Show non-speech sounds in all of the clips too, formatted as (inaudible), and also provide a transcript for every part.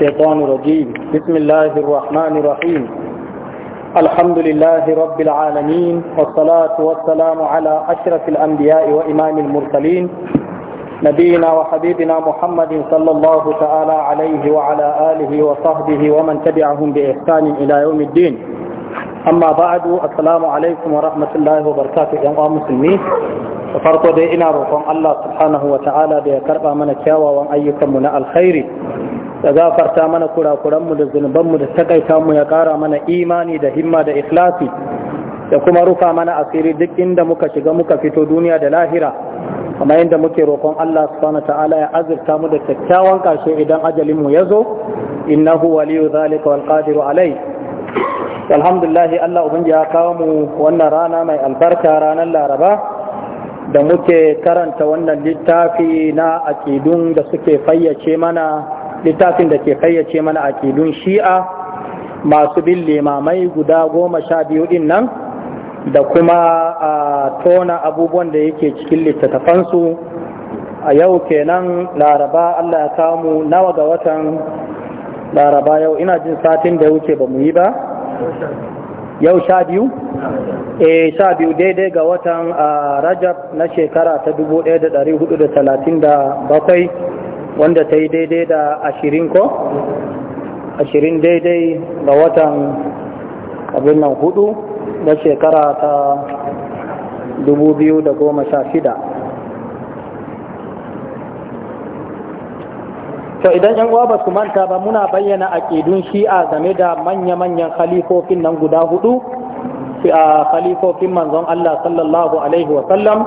الشيطان الرجيم بسم الله الرحمن الرحيم الحمد لله رب العالمين والصلاة والسلام على أشرف الأنبياء وإمام المرسلين نبينا وحبيبنا محمد صلى الله تعالى عليه وعلى آله وصحبه ومن تبعهم بإحسان إلى يوم الدين أما بعد السلام عليكم ورحمة الله وبركاته يا مسلمين وفرط dai ina الله سبحانه وتعالى wa من الشاوى وأن karɓa من الخير da gafarta mana kurakuranmu da zunubanmu da takaita mu ya kara mana imani da himma da ikhlasi da kuma rufa mana asiri duk inda muka shiga muka fito duniya da lahira kuma inda muke roƙon Allah subhanahu ta'ala ya azurta mu da kyakkyawan karshe idan ajalin mu yazo innahu waliyu zalika wal qadiru alai alhamdulillah Allah ubangi ya kawo mu wannan rana mai albarka ranar Laraba da muke karanta wannan littafi na akidun da suke fayyace mana littafin da ke fayyace mana akidun shi'a masu bin limamai guda goma sha biyu din nan da kuma a tona abubuwan da yake cikin littattafansu a yau kenan laraba allah ya samu nawa ga watan laraba yau ina jin satin da wuce ba mu yi ba yau sha biyu? e sha biyu daidai ga watan rajab na shekara ta 1437 wanda ta yi daidai da ashirin ko ashirin daidai ga watan abin nan hudu na shekara ta dubu biyu da goma sha shida to idan yan uwa ba su manta ba muna bayyana a aƙidun shi'a game da manya-manyan khalifofin nan guda hudu a khalifofin manzon Allah sallallahu alaihi wasallam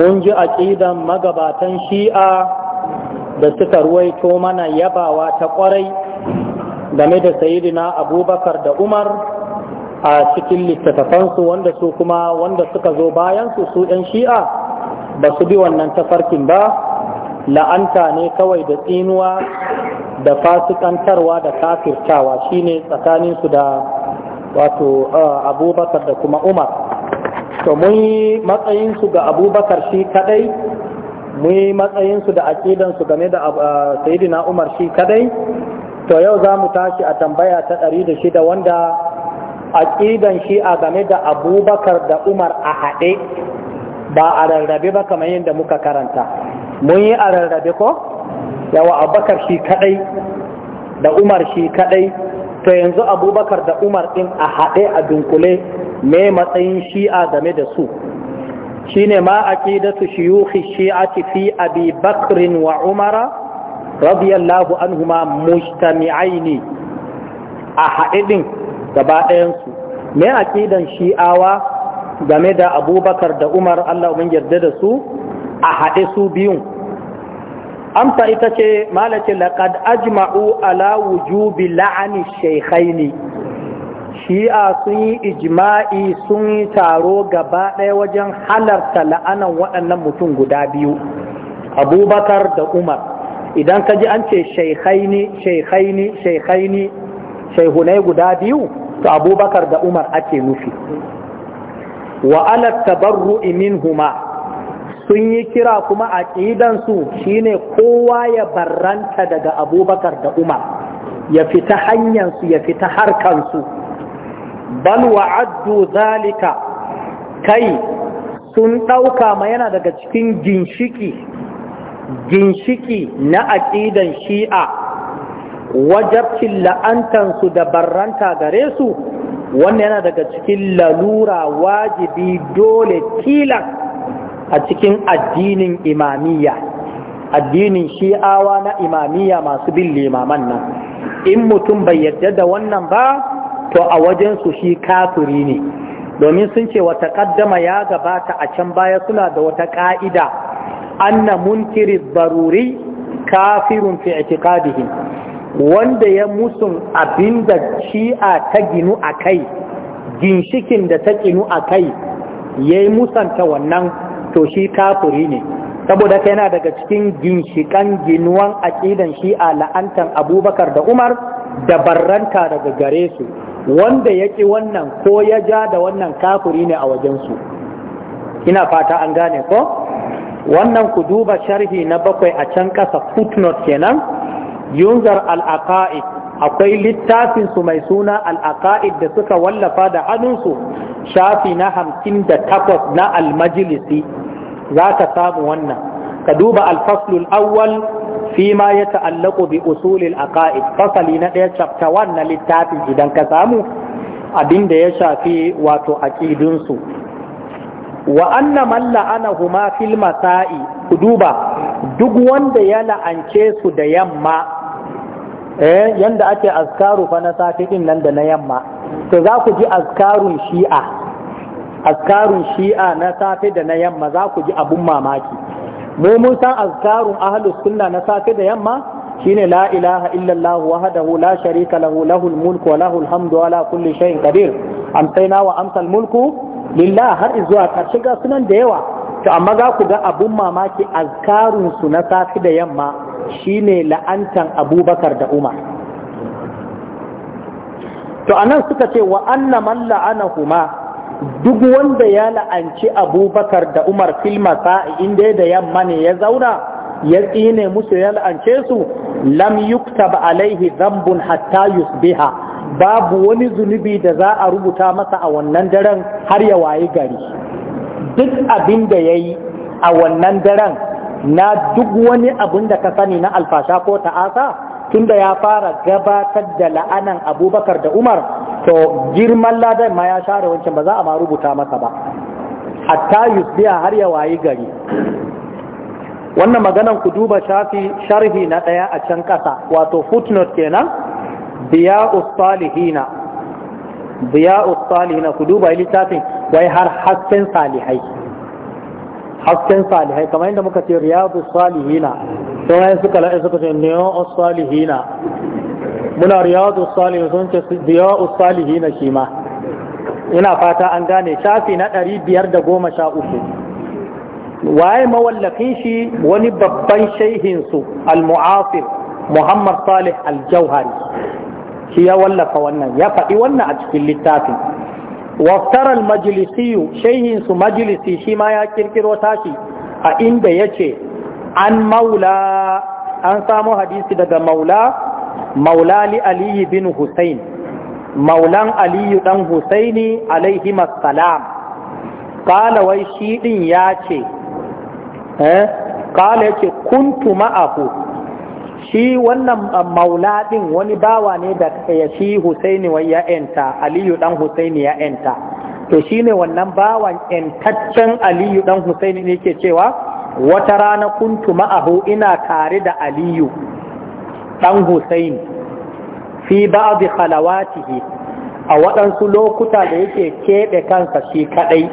mun ji a aƙidan magabatan shi'a da suka ruwaito mana yabawa ta kwarai game da sayidina abubakar da umar a cikin littattafansu wanda su kuma wanda suka zo bayansu su 'yan shi'a ba su bi wannan tafarkin ba la'anta ne kawai da tsinuwa da fasikantarwa da kafirtawa shine tsakaninsu da wato abubakar da kuma umar to mun yi matsayinsu ga abubakar shi kadai mu yi matsayinsu da aƙidansu game da ah, sayidina umar shi kadai to yau za mu tashi a tambaya ta ɗari da shida wanda aƙidan shi a game da abubakar da umar a haɗe ba a rarrabe ba kamar yadda muka karanta mun yi a rarrabe ko yawa abubakar shi kadai da umar shi kadai to yanzu abubakar da umar ɗin a haɗe a dunkule me matsayin shi a game da su shine ma aqidatu shuyukhi shi'ati fi abi bakr wa umara radiyallahu anhuma ne a haɗin gaba ɗayansu me aqidan shi'awa game da abubakar da umar Allah mun yarda da su a haɗe su biyun amsa ita ce malace laqad ajma'u ala wujubi la'ani shaykhaini shi'a sun yi ijma'i sun yi taro gaba ɗaya wajen halarta la'anan waɗannan mutum guda biyu abubakar da umar idan ka ji an ce shaikhaini shaikhaini shaikhaini shaihunai guda biyu to abubakar da umar ake nufi wa alat tabarru'i huma. sun yi kira kuma a ƙidansu shine kowa ya barranta daga abubakar da umar ya fita hanyarsu ya fita harkansu bal wa'addu zalika kai sun ɗauka ma yana daga cikin ginshiki ginshiki na aƙidan shi'a wajabcin la'antansu da barranta gare su wannan yana daga cikin lalura wajibi dole tilas a cikin addinin imamiyya addinin shi'awa na imamiyya masu bin limaman nan in mutum bai yarda da wannan ba to a wajensu shi kafiri ne domin sun ce wata kaddama ya gabata a can baya suna da wata ka'ida anna munkiri baruri kafirun fi itiqadihi wanda ya musun abinda shi'a ta ginu a kai ginshikin da ta ginu a kai ya yi musanta wannan to shi kafiri ne saboda ka yana daga cikin ginshikan ginuwan aƙidan shi'a la'antan abubakar da umar da barranta daga gare su wanda ya ƙi wannan ko ya ja da wannan kafuri ne a wajensu ina fata an gane ko wannan ku duba sharhi na bakwai a can ƙasa footnote kenan yunzar al'aqa'id akwai littafin su mai suna al'aqa'id da suka wallafa da hannunsu shafi na hamsin da takwas na almajilisi za ka samu wannan ka duba alfaslul awwal Fima ya ta'allaku bi usulil aqaid fasali na ɗaya chapter na littafin idan ka samu abin da ya shafi wato aqidunsu wa anna man la'anahuma fil masa'i duba duk wanda ya la'ance su da yamma eh yanda ake azkaru fa na safi din nan da na yamma to za ku ji azkarun shi'a azkarun shi'a na safe da na yamma za ku ji abun mamaki mu mun san azkarun ahlus sunna na safe da yamma shine la ilaha illallah wahdahu la sharika lahu lahul mulku wa lahul hamdu ala kulli shay'in qadir amsayna wa amsal mulku lillah har zuwa karshe ga sunan da yawa to amma za ku ga abun mamaki azkarun su na safe da yamma shine la'antan abubakar da umar to anan suka ce wa anna man la'anahuma duk wanda ya la'anci abubakar da umar filmasa inda da yamma ne ya zauna ya tsine musu ya la'ance su lam yuktab alaihi zambun hatta biha, babu wani zunubi da za a rubuta masa a wannan daren har ya waye gari duk abin da ya yi a wannan daren na duk wani abin da ka sani na alfasha ko ta'asa tunda ya fara gabatar da la'anan abubakar da umar to girman ladan ma ya share wancan ba za a ma rubuta masa ba hatta yusbiya har ya wayi gari wannan maganan ku duba shafi sharhi na ɗaya a can ƙasa wato footnote kenan biya ustalihina biya ustalihina ku duba littafin wai har hasken salihai hasken salihai kamar yadda muka ce riyadu salihina sai wani suka la'i suka ce niyo usalihina muna riyadu usalihina sun ce biyo usalihina shi ma ina fata an gane shafi na ɗari biyar da goma sha uku waye mawallafin shi wani babban shaihinsu al-mu'afir muhammad salih al-jauhari shi ya wallafa wannan ya faɗi wannan a cikin littafin waftar al-majlisiyu shaihinsu majlisi shi ma ya kirkiro tashi a inda ya ce an maula an samo hadisi daga maula maula li aliyu bin husain maulan aliyu dan husaini alaihi salam kala wai shi din ya ce eh, kala yake kuntu ma'ahu shi wannan maula din wani bawa ne da ya shi husaini wai ya enta aliyu dan husaini ya enta to shi ne wannan bawan entaccen aliyu dan husaini ne ke cewa wata rana kuntu ma'ahu ina tare da aliyu ɗan Hussein fi ba'adhi khalawatihi a waɗansu lokuta da yake keɓe kansa shi kaɗai.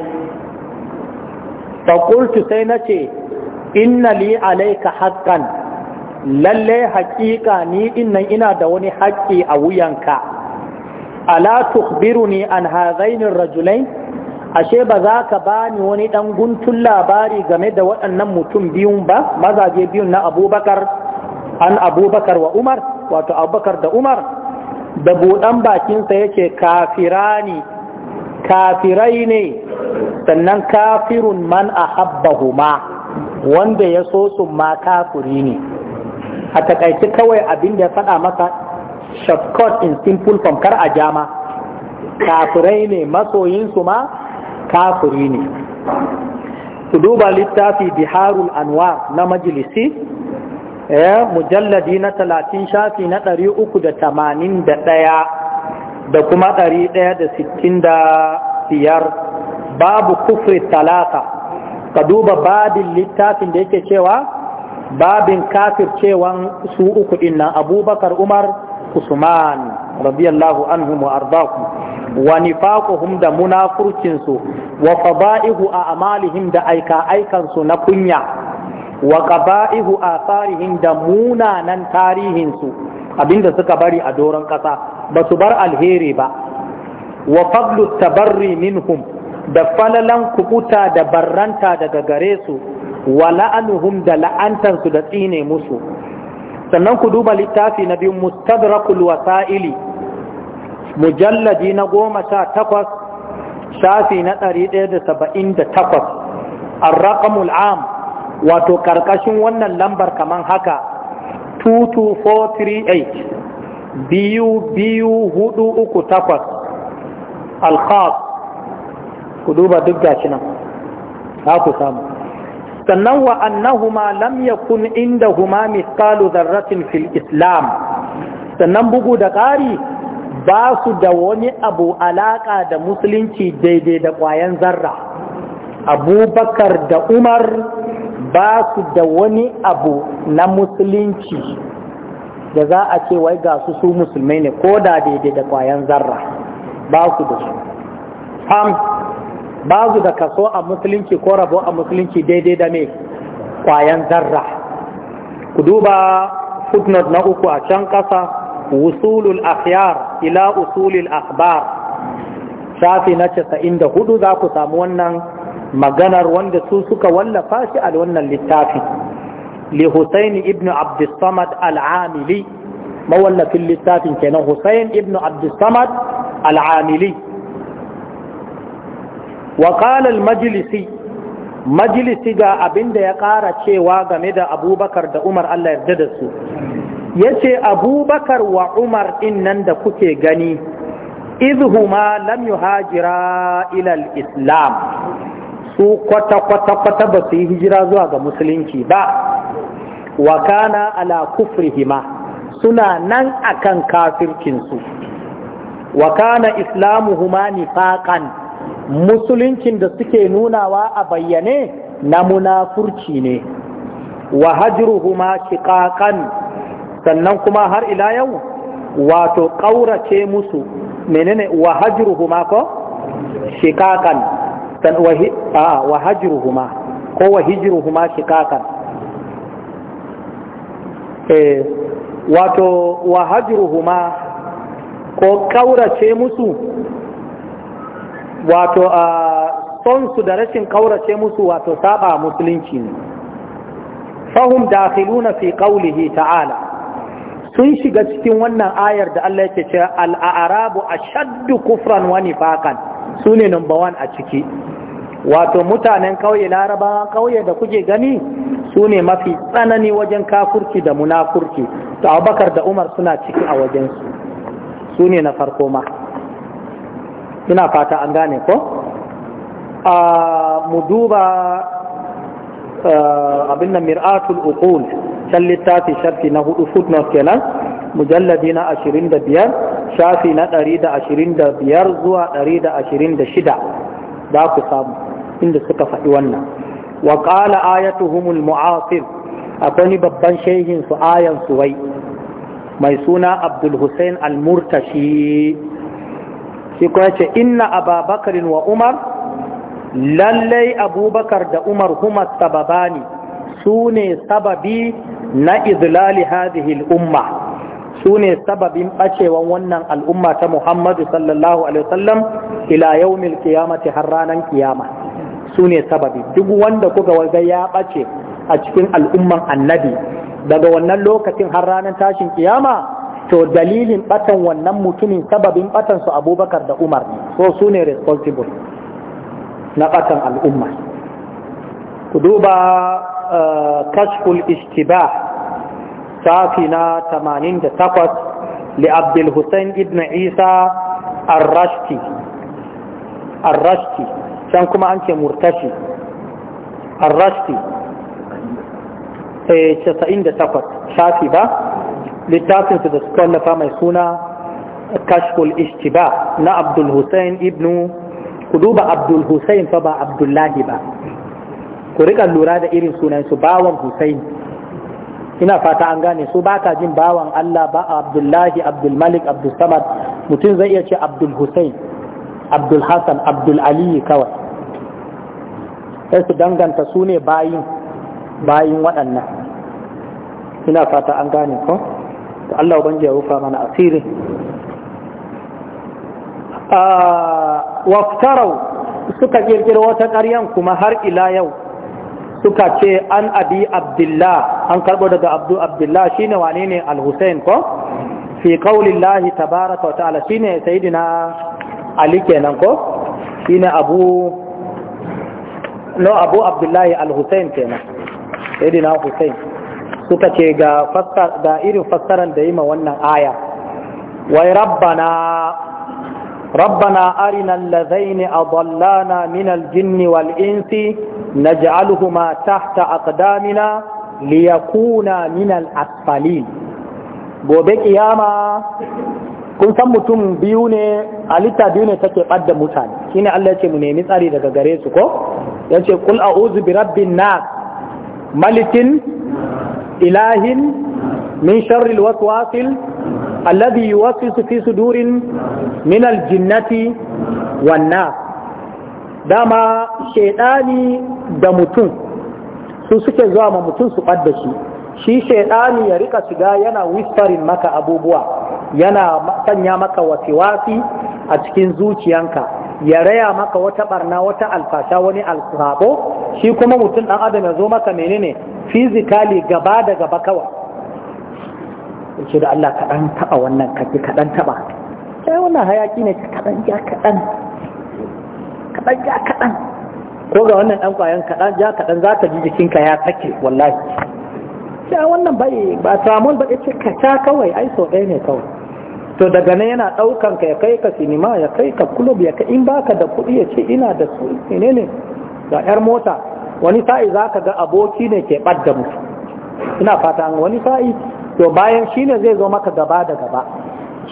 Fakultu sai na ce, Inna li alaika haƙƙan, lalle haƙiƙa ni innan ina da wani haƙƙi a wuyanka, ala tukbiruni an hazainin rajulai, ashe ba za ka ni wani ɗan guntun labari game da waɗannan mutum biyun ba mazaje biyun na abubakar an abubakar wa umar wato abubakar da umar da buɗan bakinsa yake ne kafirai ne sannan kafirun man a huma wanda ya so su ma kafiri ne a taƙaice kawai abin da ya faɗa masa shakot in simple form kar a jama kafirai ne masoyinsu ma kafiri ne ku duba littafi biharul anwar na majalisi eh, mujalladi na talatin shafi na ɗari uku da tamanin da ɗaya da kuma ɗari ɗaya da sittin da biyar babu kufri talata ka duba babin littafin da yake cewa babin kafir cewan su uku ɗin abubakar umar usman radiyallahu anhu wa ardaku wa nifaquhum da munafurcinsu wa qada'ihu a amalihim da aika aikansu na kunya wa qaba'ihu atharihim da munanan tarihinsu abinda suka bari a doron kasa ba su bar alheri ba wa fadlu tabarri minhum da falalan kubuta da barranta daga gare su wa la'anuhum da la'antansu da tsine musu sannan ku duba littafi na biyu mustadrakul wasa'ili mujalladi na goma sha takwas shafi na ɗari ɗaya da saba'in da takwas arraƙamul mul'am. wato ƙarƙashin wannan lambar kaman haka 22438 biyu biyu hudu uku takwas alkhas ku duba duk gashi nan za ku samu sannan wa annahuma lam yakun indahuma mithqalu dharratin fil islam sannan bugu da ƙari ba su da wani abu alaka da musulunci daidai da ƙwayan zarra abubakar da umar ba su da wani abu na musulunci da za a ce wai ga su su musulmai ne ko da daidai da ƙwayan zarra ba su da su am ba su da kaso a musulunci ko rabo a musulunci daidai da mai ƙwayan zarra ku duba footnote na uku a can ƙasa wusulul akhyar ila usulil akhbar shafi na 94 za ku samu wannan maganar wanda su suka wallafa shi a wannan littafi li Husayn ibn Abd Samad al-Amili mawallafin littafin kenan Husayn ibn Abd Samad al-Amili wa qala al ga abinda ya ƙara cewa game da Abubakar da Umar Allah yarda da su ya ce abubakar wa umar nan da kuke gani izhuma lam hajira ilal islam su kwata-kwata-kwata ba su yi hijira zuwa ga musulunci ba wa kana ala kufrihima suna nan akan su. wa kana islamuhuma nifaqan musuluncin da suke nunawa a bayyane na munafurci ne wa hajruhuma shiqaqan sannan kuma har ila yau wato ƙaurace musu menene wa hajruhuma ko shikakan san wa hajruhuma ko wa hijruhuma shikakan eh wato wa hajruhuma ko ƙaurace musu wato a son da rashin ƙaurace musu wato saba musulunci ne fahum dakhiluna fi qawlihi ta'ala sun shiga cikin wannan ayar da Allah yake cewa al'arabu a shaddu kufran wani fakan su ne number 1 a ciki wato mutanen kauye laraba kauye da kuke gani su ne mafi tsanani wajen kafurci da munafurci to abubakar da umar suna ciki a wajen su ne na farko ma ina fata an gane ko mu duba eh, abin nan mir'atul uqul wancan littafi sharfi na hudu footnote kenan mujalladi na ashirin da biyar shafi na ɗari da ashirin da biyar zuwa ɗari da ashirin da shida za ku samu inda suka faɗi wannan wa ƙala ayatuhumul mu'asir akwai babban shehin su ayan suwai mai suna abdul hussein al-murtashi shi kuma ce inna ababakarin wa umar lallai abubakar da umar huma sababani su ne sababi na idlali hadihi umma su ne sababin ɓacewan wannan al'umma ta Muhammadu sallallahu alaihi wasallam ila yaumil ƙiyamati har ranan kiyama su ne sababi duk wanda kuka waje ya ɓace a cikin al'umman annabi daga wannan lokacin har ranar tashin kiyama to dalilin ɓatan wannan mutumin sababin ɓatan su abubakar da umar ne so su ne responsible na ɓatan al'umma ku duba كشف الاشتباه تمانين 88 لعبد الحسين ابن عيسى الرشتي الرشتي كان كما أنت مرتشي الرشتي إيه، تسعين تقط شافي با لتاسم في دسكون نفاما يسونا كشف الاشتباه نا عبد الحسين ابن قلوب عبد الحسين فبا عبد الله با ku rika lura da irin sunan su bawan Hussein ina fata an gane su ba ka jin bawan Allah ba Abdullahi Abdul Malik Abdul Samad mutum zai iya ce Abdul Hussein Abdul Hassan Abdul Ali kawai sai su danganta su ne bayin bayin waɗannan ina fata an gane ko to Allah ubangiji ya rufa mana asiri ah, waftarau suka kirkiro wata ƙaryan kuma har ila yau suka ce an abi abdullah an karbo daga abdu abdullah shine wane ne al ko fi qaulillahi tabaraka wa ta'ala shine sayyidina ali kenan ko shine abu no abu abdullah al na kenan sayyidina husain suka ce ga fassara da irin fassaran da yi ma wannan aya wai rabbana ربنا أرنا الذين أضلانا من الجن والإنس نجعلهما تحت أقدامنا ليكونا من الأسفلين gobe kiyama kun san mutum biyu ne halitta biyu ne take ɓadda mutane shine Allah ce mu nemi tsari daga gare su ko yace kul a'udhu bi rabbin nas malikin ilahin min sharri waswasil alladhi yuwassisu fi sudurin min aljinnati wan nas dama shaidani da mutum su suke zuwa ma mutum su ɓadda shi shi shaidani ya rika shiga yana whispering maka abubuwa yana sanya maka wasiwasi a cikin zuciyanka ya raya maka wata barna wata alfasha wani alfabo shi kuma mutum dan adam ya zo maka menene physically gaba da gaba kawai ce da Allah kaɗan taɓa wannan kaki kaɗan taɓa sai wannan hayaki ne kaɗan ja kaɗan kaɗan ja kaɗan ko ga wannan ɗan ƙwayan kaɗan ja kaɗan za ka ji jikinka ya sake wallahi sai wannan bai ba samun ba ce ka ta kawai ai so ɗaya ne kawai to daga nan yana ɗaukan ka ya kai ka sinima ya kai ka kulub ya kai in baka da kuɗi ya ce ina da su ne ne ga 'yar mota wani sa'i za ka ga aboki ne ke ɓadda mutu ina fata wani sa'i to bayan shi ne zai zo maka gaba da gaba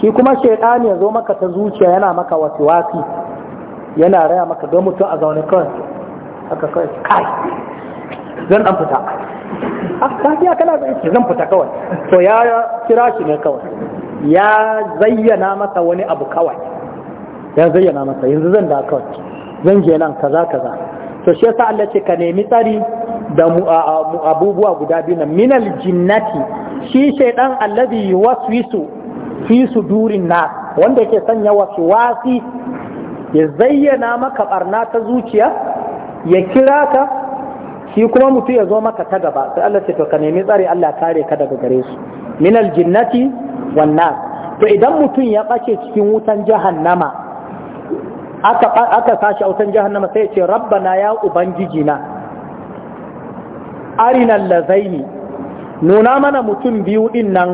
shi kuma shaidan ya zo maka ta zuciya yana maka wasu wasi, yana raya maka don mutum a zaune kawai aka kawai kai zan dan fita ah, lafiya kana zai zan fita kawai to ya kira shi ne kawai ya zayyana masa wani abu kawai ya zayyana masa yanzu zan da kawai zan je nan kaza kaza to shi yasa Allah ce ka nemi tsari da abubuwa guda biyu na minal jinnati shi shaidan allazi yuwaswisu fi sudurin na wanda yake sanya wasu wasi ya zayyana maka barna ta zuciya ya kira ka shi kuma mutum ya zo maka ta gaba sai Allah ce to ka nemi tsare Allah kare ka daga gare su minal jinnati wan to idan mutum ya bace cikin wutan jahannama aka aka sashi a wutan jahannama sai ya ce rabbana ya ubangiji na arinan lazaini nuna mana mutum biyu din nan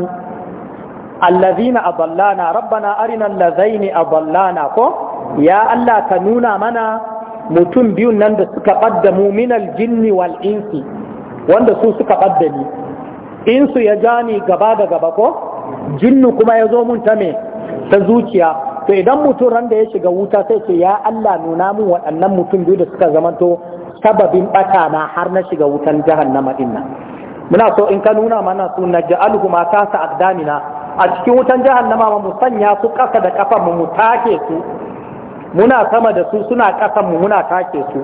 allazina aballana rabbana arinan lazaini aballana ko ya Allah ka nuna mana mutum biyun nan da suka ƙaddamu minal jinni wal insi wanda su suka ni? insu ya ja gaba da gaba ko jinnu kuma ya zo mun ta me ta zuciya to idan mutum randa ya shiga wuta sai ce ya Allah nuna mun waɗannan mutum biyu da suka zamanto sababin ɓata na har na shiga wutan jahannama din nan muna so in ka nuna mana su na ja'alhu ma ta sa aqdamina a cikin wutan jahannama mu sanya su ƙasa da ƙafa mu mu take su muna sama da su suna ƙasan mu muna take su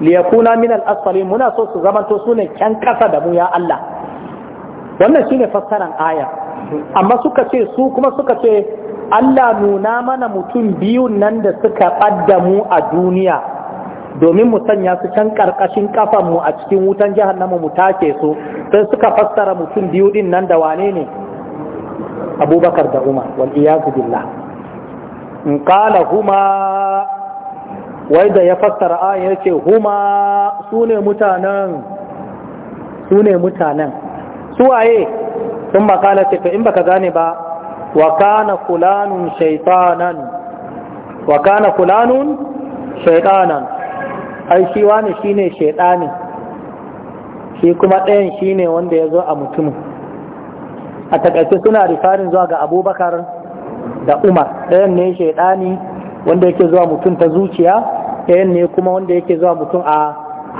liyakuna min al-asfali muna so su zamanto su ne kyan ƙasa da mu ya Allah wannan shine fassaran aya amma suka ce su kuma suka ce Allah nuna mana mutum biyun nan da suka mu a duniya domin mu sanya su can ƙarƙashin ƙafanmu a cikin wutan jahannama mu take su sai suka fassara mutum biyu din nan da wane ne abubakar da umar wal billah in kala huma wai da ya fassara a ya ce huma su ne mutanen su ne mutanen waye sun makala ce to in baka gane ba وكان فلان شيطانا وكان فلان شيطانا اي شي ai shi شيطاني shine كما shi kuma ɗayan shine wanda ya zo a mutumin a takaice suna rifarin zuwa ga abubakar da umar ɗayan ne shaiɗani wanda yake zuwa mutum ta zuciya ɗayan ne kuma wanda yake zuwa mutum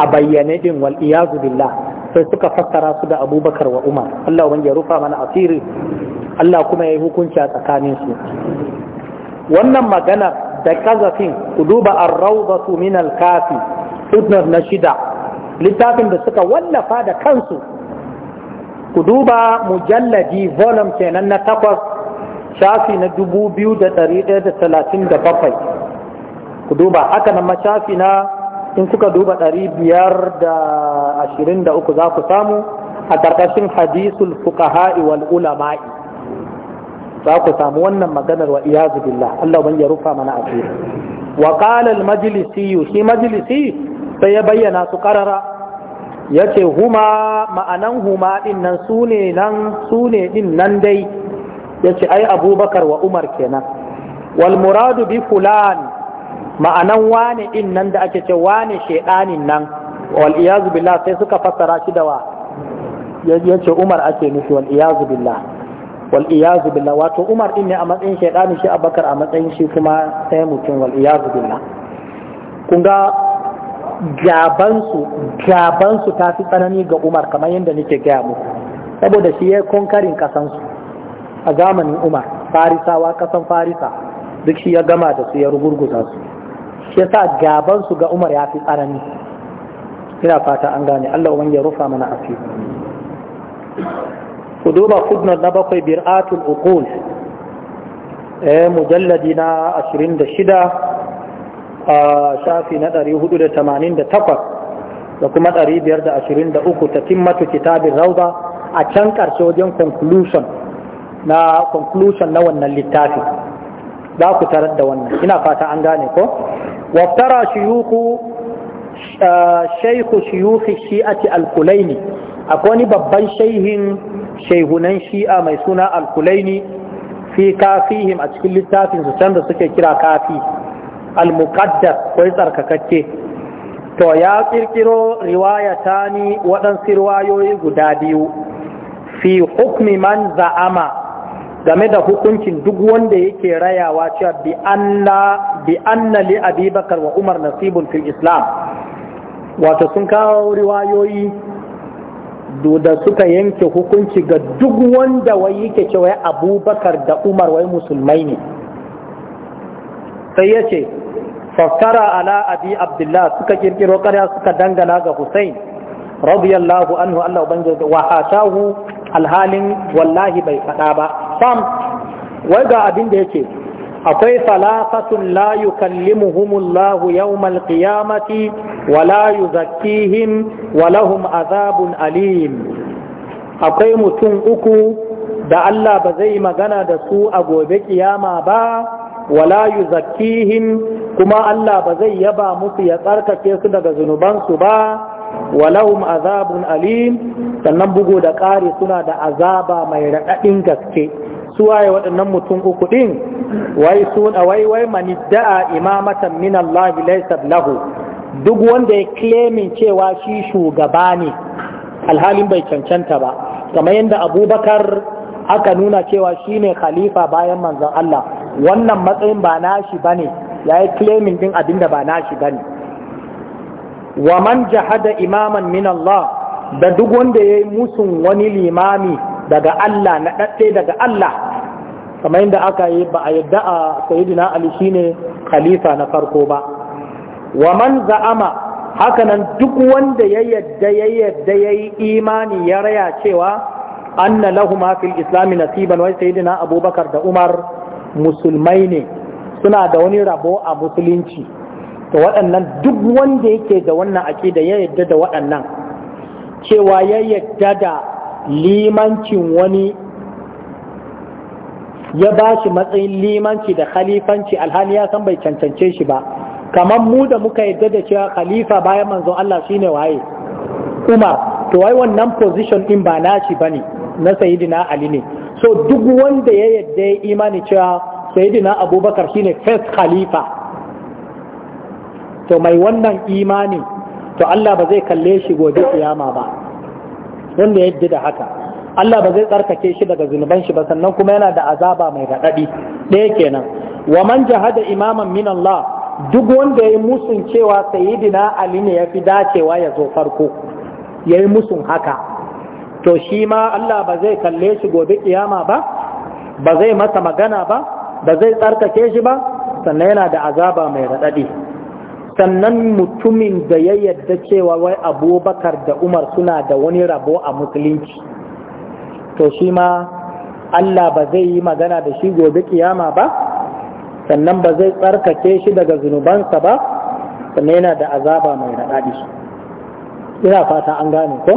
a bayyane din wal iyazu billah sai suka fassara su da abubakar wa umar Allah wanda ya rufa mana asiri Allah kuma ya yi hukunci a tsakaninsu wannan magana da kazafin ku duba ar min kafi ibn na shida littafin da suka wallafa da kansu ku duba mujalladi volum kenan na takwas shafi na dubu biyu da ɗari ɗaya da talatin da bakwai ku duba haka nan mashafi na in kuka duba ɗari biyar da ashirin da uku za ku samu a ƙarƙashin hadisul fuqaha'i wal ulama'i za ku samu wannan maganar wa iyazu billah Allah ban ya rufa mana asiri wa qala al majlisi shi majlisi sai ya bayyana su karara yace huma ma'anan huma din nan sune nan sune din nan dai yace ai abubakar wa umar kenan wal muradu bi fulan ma'anan wane din nan da ake ce wane shedanin nan wal iyazu billah sai suka fassara shi da wa yace umar ake nufi wal iyazu billah wal’iyazu billah wato Umar din ne a matsayin shaydani shi bakar a matsayin shi kuma sai mutum wal’iyazu billah kun ga gabansu ta fi tsanani ga Umar kamar yadda nake gaya muku saboda shi ya konkarin kasansu a zamanin Umar farisawa kasan farisa duk shi ya gama da su ya rugurguza su shi yasa gabansu ga Umar ya fi tsanani ina fata an gane Allah ya rufa mana asiri ku duba footnote na bakwai bir'atul uqul eh mujalladi na 26 a shafi na 488 da kuma 523 ta timmatu kitabin rauda a can ƙarshe wajen conclusion na conclusion na wannan littafi za ku tarar da wannan ina fata an gane ko waftara shiyuku eh, shaykhu shiyukhi shi'ati al-kulaini akwai wani babban shaihin shehunan shi'a mai suna al-kulaini fi kafihim a cikin littafinsu canza can da suke kira kafi al-muqaddas ko tsarkakakke to ya kirkiro riwayatani waɗansu riwayoyi guda biyu fi hukmi man za'ama game da hukuncin duk wanda yake rayawa cewa bi anna bi wa umar nasibun fil islam wato sun kawo riwayoyi da suka yanke hukunci ga duk wanda wai yake cewa abubakar da umar wai musulmai ne sai ya ce fassara ala abi abdullah suka kirkiro karya suka dangana ga hussein radiyallahu anhu allah ubangiji wa hatahu alhalin wallahi bai fada ba sam wai ga abin da yake akwai salafatun la yukallimuhumullahu yawmal qiyamati wa la yuzakkihim wa lahum azabun alim akwai mutum uku da Allah ba zai magana da su a gobe kiyama ba wala yuzakkihim kuma Allah ba zai yaba musu ya tsarkake su daga zunubansu ba walahum azabun alim sannan bugu da ƙari suna da azaba mai raɗaɗin gaske su waye waɗannan mutum uku ɗin wai sun wai wai man da'a imamatan min Allah laysa lahu duk wanda ya claiming cewa shi shugaba ne alhalin bai cancanta ba kamar yadda abubakar aka nuna cewa shi ne khalifa bayan manzon Allah wannan matsayin ba nashi bane yayi yi claiming din abin da ba nashi bane wa man jahada imaman min Allah da duk wanda yayi yi musun wani limami daga Allah na daɗe daga Allah kamar yadda aka yi ba a yadda a sayidina ali shine khalifa na farko ba wa man za'ama hakanan duk wanda ya yadda ya yadda ya yi imani ya raya cewa anna lahuma fil islami nasiban wai sayidina abubakar da umar musulmai ne suna da wani rabo a musulunci to waɗannan duk wanda yake da wannan aƙida ya yadda da waɗannan cewa ya yadda da limancin wani ya ba shi matsayin limanci da khalifanci alhali ya san bai cancance shi ba kamar mu da muka yadda da cewa khalifa bayan manzon Allah shine waye Umar to wai wannan position din ba shi bane na sayyidina Ali ne so duk wanda ya yadda ya imani cewa sayyidina Abubakar shine first khalifa to mai wannan imani to Allah ba zai kalle shi gobe kiyama ba wanda ya yadda da haka Allah ba zai tsarkake shi daga zunuban shi ba sannan kuma yana da azaba mai raɗaɗi ɗaya kenan wa man jahada imaman min Allah duk wanda yayi musun cewa sayyidina Ali ne yafi dacewa ya zo farko yayi musun haka to shi ma Allah ba zai kalle shi gobe kiyama ba ba zai masa magana ba ba zai tsarkake shi ba sannan yana da azaba mai raɗaɗi sannan mutumin da ya yadda cewa wai abubakar da umar suna da wani rabo a musulunci to shi ma Allah ba zai yi magana da shi gobe kiyama ba sannan ba zai tsarkake shi daga zunubansa ba sannan yana da azaba mai raɗaɗi ina fata an gane ko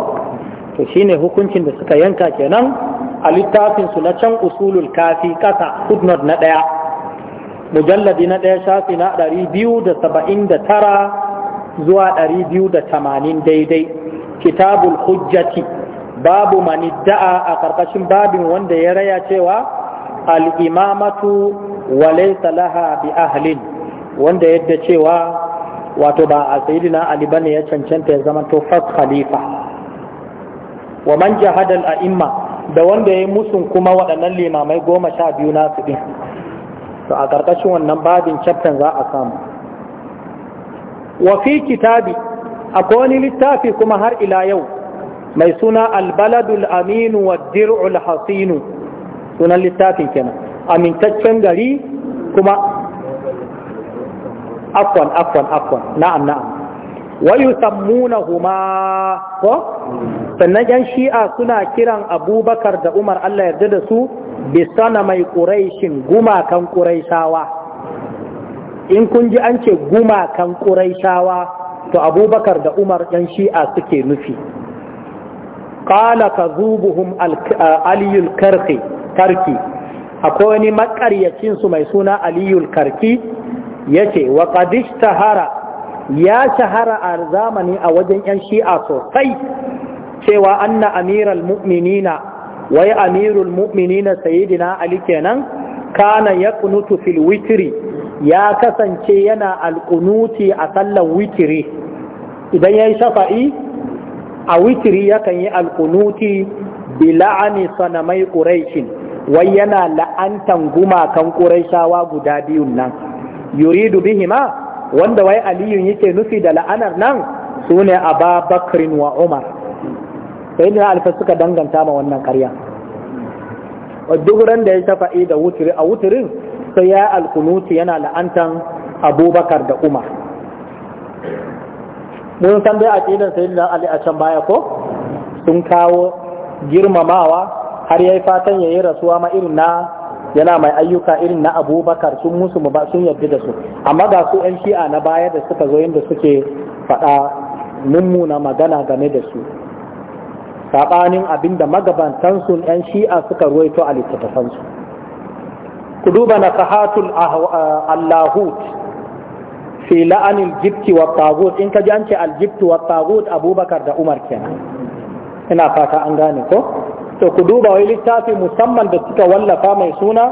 to shi ne hukuncin da suka yanka kenan a littafinsu na can usulul kafi ƙasa footnote na ɗaya mujalladi na ɗaya shafi na ɗari biyu da saba'in da tara zuwa ɗari biyu da tamanin daidai kitabul hujjati babu manidda'a a karkashin babin wanda ya raya cewa al'imamatu walaita laha bi ahlin wanda yadda cewa wato ba a sayidina ali bane ya cancanta ya zama to fas khalifa wa man jahada al'imma da wanda ya yi musun kuma waɗannan limamai goma sha biyu nasu ɗin to a ƙarƙashin wannan babin captain za a samu wa fi kitabi akwai wani littafi kuma har ila yau mai suna albaladul aminu wa dir'ul hasinu sunan littafin kenan amintaccen gari kuma afwan afwan afwan na'am na'am wa yusammunahuma ko sannan yan shi'a suna kiran abubakar da umar Allah yarda da su bi sana mai quraishin gumakan quraishawa in kun ji an ce gumakan quraishawa to abubakar da umar yan shi'a suke nufi qala kazubuhum aliyul karki karki akwai wani makaryacin su mai suna aliyul karki yace wa qad ishtahara ya shahara a zamani a wajen yan shi'a sosai cewa anna amiral mu'minina wai amirul mu'minina sayyidina ali kenan kana yaqnutu fil witri ya kasance yana al'unuti a sallan witri idan yayi shafa'i a witiri yakan yi alkunuti bi la'ani sanamai ƙuraishin wai yana la'antan gumakan ƙuraishawa guda biyun nan yuridu bihima wanda wai aliyun yake nufi da la'anar nan sune ababakrin wa umar sai ne alfa suka danganta ma wannan karya duk ran da ya tafa da wuturi, a wuturin sai ya alkunuti yana la'antan abubakar da umar mun san dai aqidar sayyidina ali a can baya ko sun kawo girmamawa har yayi fatan yayi rasuwa ma irin na yana mai ayyuka irin na abubakar sun musu ba sun yarda da su amma ga su yan shi'a na baya da suka zo yadda suke faɗa mummuna magana game da su saɓanin abin da su yan shi'a suka ruwaito a littattafansu ku duba na allahut fi la'anin jibti wa tagut in ka ji an ce aljibti wa tagut abubakar da umar kenan ina fata an gane ko to ku duba wai littafi musamman da suka wallafa mai suna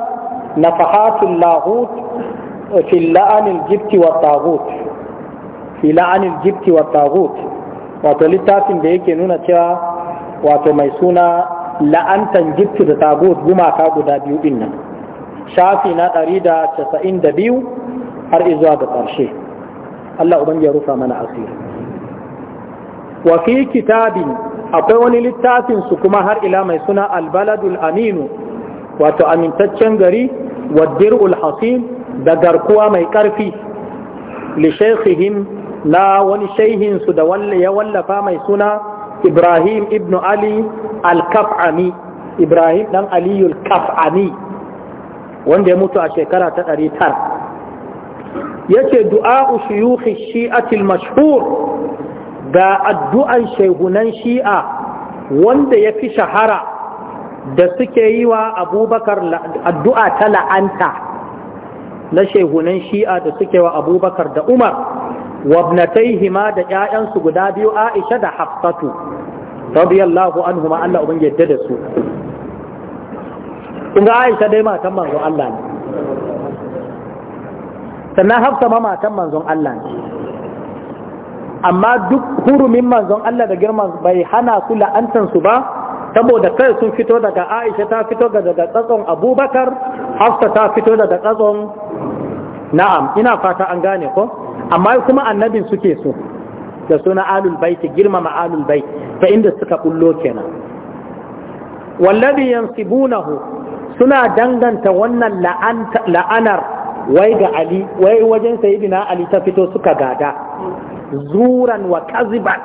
nafahatul lahut fi la'anin jibti wa tagut fi la'anin jibti wa tagut wato littafin da yake nuna cewa wato mai suna la'antan jibti da tagut gumaka guda biyu din nan shafi na 192 har izuwa da ƙarshe Allah ubangi ya rufa mana asiri wa fi kitabin akwai wani littafin su kuma har ila mai suna albaladul aminu wato amintaccen gari wa dir'ul hasim da garkuwa mai karfi li shaykhihim na wani shaihin su da ya wallafa mai suna Ibrahim ibn Ali al-Kaf'ani Ibrahim dan Aliyu kafani wanda ya mutu a shekara ta 900 yace du'a'u shuyukhi shi'atil mashhur ga addu'an shehunan shi'a wanda ya fi shahara da suke yi wa abubakar addu'a ta la'anta na shehunan shi'a da suke wa abubakar da umar wabnatai ma da ‘ya'yansu guda biyu aisha da hafsatu radiyallahu anhu ma Allah ubin da su. Kun ga Aisha dai matan manzo Allah ne. sannan hafsa ma matan manzon Allah ne amma duk hurumin manzon Allah da girman bai hana su la'antar su ba saboda kai sun fito daga Aisha ta fito daga tsatson Abubakar Hafsa ta fito daga tsatson na'am ina fata an gane ko amma kuma annabin suke so da suna alul bait girmama alul bait ta inda suka bullo kenan wallazi yansibunahu suna danganta wannan la'anar wai ga ali wai wajen sayidina ali ta fito suka gada zuran wa kaziban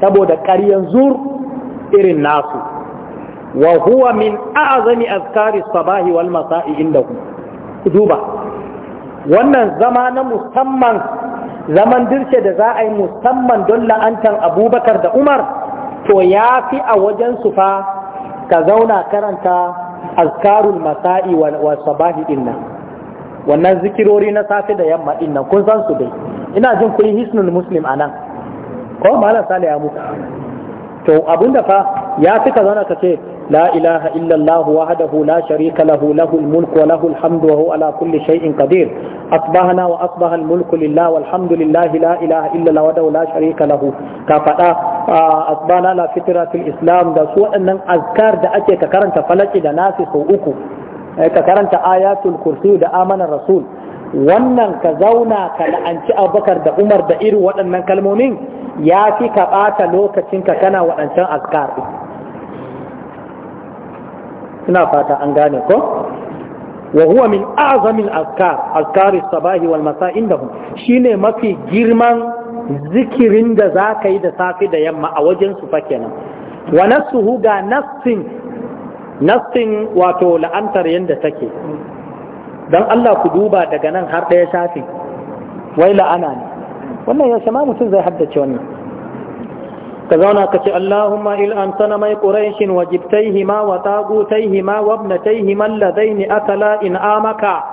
saboda ƙaryan zur irin nasu wa huwa min a'zami azkari sabahi wal masa'i ku. duba wannan zama na musamman zaman dirshe da za a yi musamman don la'antar abubakar da umar to ya fi a wajen su fa ka zauna karanta azkarul masa'i wa sabahi dinnan wannan zikirori na safe da yamma din nan kun san su dai ina jin kun hisnul muslim anan ko malam sale ya muku to abinda fa ya fi ka zauna ka ce la ilaha illallah wahdahu la sharika lahu lahul mulku wa lahul hamdu wa huwa ala kulli shay'in qadir asbahna wa asbaha al mulku lillah walhamdulillah la ilaha illallah wahdahu la sharika lahu ka fada asbahna la fitratul islam da su waɗannan azkar da ake ka karanta falaki da nasi sau uku Eh, ka karanta ayatul kursi da amanar rasul wannan ka zauna ka la'anci abubakar da umar da irin waɗannan kalmomin ya fi ka ɓata ka kana waɗancan askar ina fata an gane ko wa huwa min azamin askar askari sabahi wal masa indahum shine mafi girman zikirin da za ka yi da safi da yamma a wajen su fa kenan wa nasuhu ga nassin Nastin wato la'antar yadda take don Allah ku duba daga nan har ɗaya shafi wai la'ana ne wannan yaushe ma mutum zai haddace wannan ka zauna ka ce Allahumma il sana mai ƙuraishin wa ma wa ma wa ibnataihima ni akala in amaka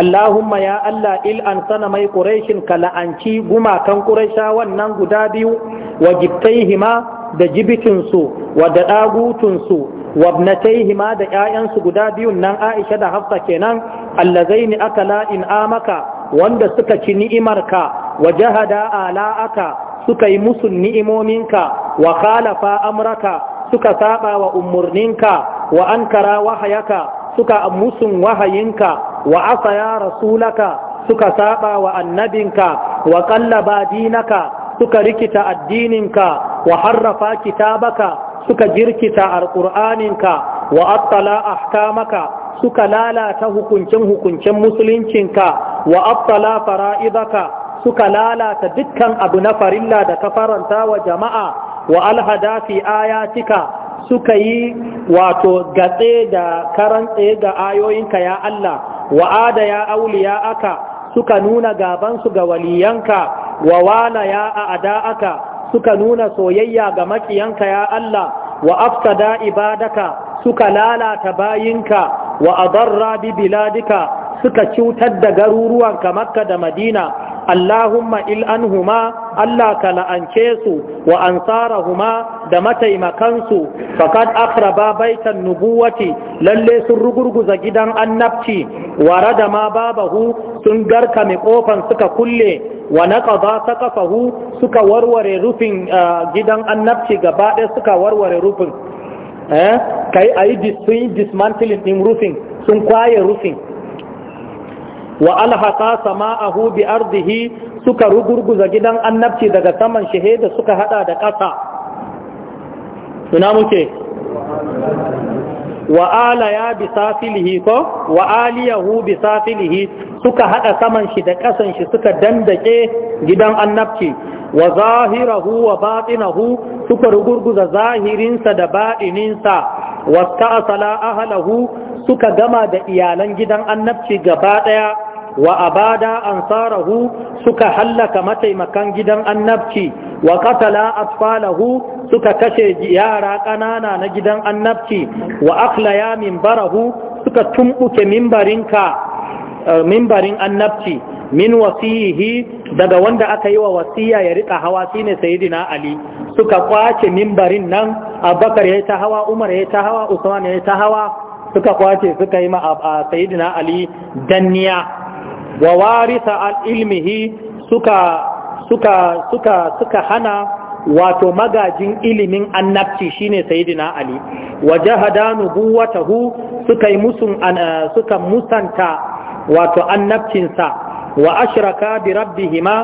Allahumma ya Allah il sana mai ƙuraishin ka la'anci gumakan ƙuraisha wannan guda biyu wa ma da jibitinsu wa da ɗagutunsu wa ibnataihima da ‘ya'yansu guda biyun nan Aisha da Hafsa kenan allazaini akala in amaka wanda suka ci ni'imarka wa jahada ala'aka suka yi musu ni'imominka wa khalafa amraka suka saba wa umurninka wa ankara wahayaka suka musun wahayinka wa asaya rasulaka suka saba wa annabinka wa kallaba dinaka suka rikita addininka wa harrafa kitabaka suka jirkita alqur'aninka wa attala ahkamaka suka lalata hukuncin hukuncin musuluncinka wa attala fara'idaka suka lalata dukkan abu na farilla da ka faranta wa jama'a wa alhada fi ayatika suka yi wato gatse da karantse ga ayoyinka ya Allah wa ada ya auliya aka suka nuna gabansu ga waliyanka wa wala ya a'ada aka suka nuna soyayya ga makiyanka ya Allah wa afsada ibadaka suka lalata bayinka wa adarra bi biladika suka cutar da garuruwanka makka da madina Allahumma il'anhuma Allah ka la'ance su wa ansarahuma da mataimakansu fakad akhraba baitan nubuwati lalle sun rugurguza gidan annabci wa rada ma babahu sun garka mai kofan suka kulle wa naqada saqafahu suka warware rufin ah, gidan annabci gaba ɗaya suka warware rufin eh kai ayi dismantling din rufin sun kwaye rufin wa alhaqa sama'ahu bi ardihi suka rugurguza gidan annabci daga saman shahida suka hada da ƙasa ina muke wa alaya bi safilihi ko wa aliyahu bi safilihi suka hada saman shi da ƙasan shi suka dandake gidan annabci wa zahirahu wa batinahu suka rugurguza zahirinsa da baɗininsa wa ta'asala ahlahu suka gama da iyalan gidan annabci gaba ɗaya wa abada ansarahu suka hallaka mataimakan gidan annabci wa qatala atfalahu suka kashe yara ƙanana na gidan annabci wa akhlaya minbarahu suka tumbuke mimbarinka eh, mimbarin annabci min wasihi daga wanda aka yi wa wasiya ya rika hawa shine saidina ali suka kwace mimbarin nan abubakar ya ta hawa umar ya ta hawa usman ya ta hawa suka kwace suka yi ma sayidina ali danniya wa warisa al-ilmihi suka suka suka suka hana wato magajin ilimin annabci shine sayidina ali wa jahada nubuwatahu suka yi musun suka musanta wato annabcinsa wa ashraka bi rabbihima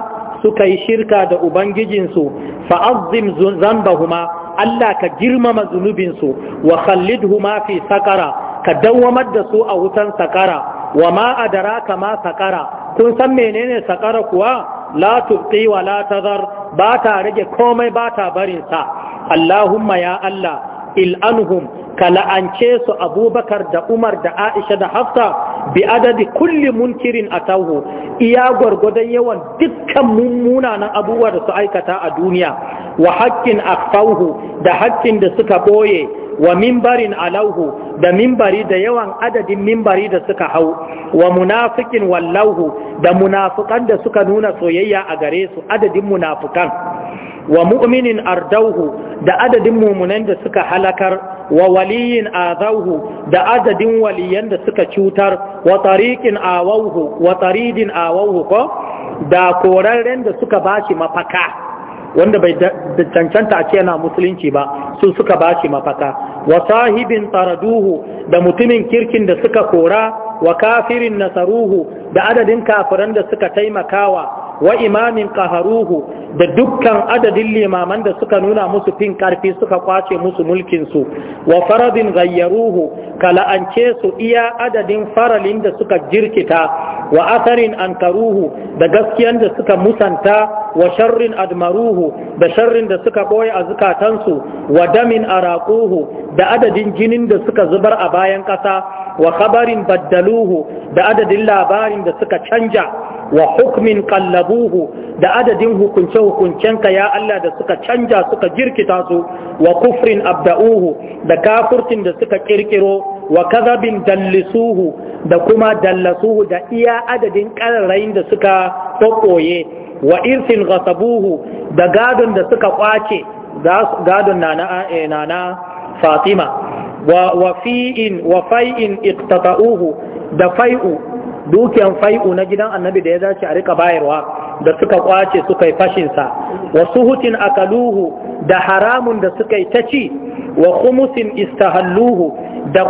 suka yi shirka da ubangijinsu fa'azzim zanbahuma Allah ka girmama zunubinsu wa khallidhu ma fi sakara ka dawwamar da su a wutan sakara wa ma adaraka ma sakara kun san menene sakara kuwa la tubqi wa la tazar ba ta rage komai ba ta barin sa Allahumma ya Allah il'anhum ka la'ance su abubakar da umar da aisha da hafsa bi adadi kulli munkirin a tahu iya gwargwadon yawan dukkan mummunanan abubuwa da su aikata a duniya wa haƙƙin akfauhu da haƙƙin da suka ɓoye wa mimbarin alauhu da mimbari da yawan adadin mimbari da suka hau wa munafikin wallahu da munafukan da suka nuna soyayya a gare su adadin munafukan wa mu'minin ardauhu da adadin mumunan da suka halakar wa waliyin azauhu da adadin waliyan da suka cutar wa tariqin awauhu wa taridin awauhu ko da korarren da suka bashi mafaka wanda bai cancanta a ce yana musulunci ba su suka bashi mafaka wa sahibin taraduhu da mutumin kirkin da suka kora wa kafirin nasaruhu da adadin kafiran da suka taimakawa wa imamin qaharuhu da dukkan adadin limaman da suka nuna musu fin karfi suka kwace musu mulkinsu, wa wa faradin ka kala'ance su iya adadin faralin da suka jirkita wa asarin ankaruhu da gaskiyan da suka musanta wa sharrin admaruhu da sharrin da suka ɓoye a zukatansu wa damin araquhu da adadin jinin da suka zubar a bayan ƙasa, wa khabarin baddaluhu da adadin labarin da suka canja wa hukmin qallabu abuhu da adadin hukunce hukuncenka ya Allah da suka canja suka jirkita su wa kufrin abda'uhu da kafurtin da suka kirkiro wa kazabin dallisuhu da kuma dallasuhu da iya adadin kararrayin da suka kokoye wa irsin buhu da gadon da suka kwace gadon na eh, na Fatima wa fi'in wa da fai'u dukiyan fai'u na gidan annabi da ya dace a rika bayarwa da suka kwace suka yi fashinsa wa suhutin akaluhu da haramun da suka yi ta ci wa kumusin istahalluhu da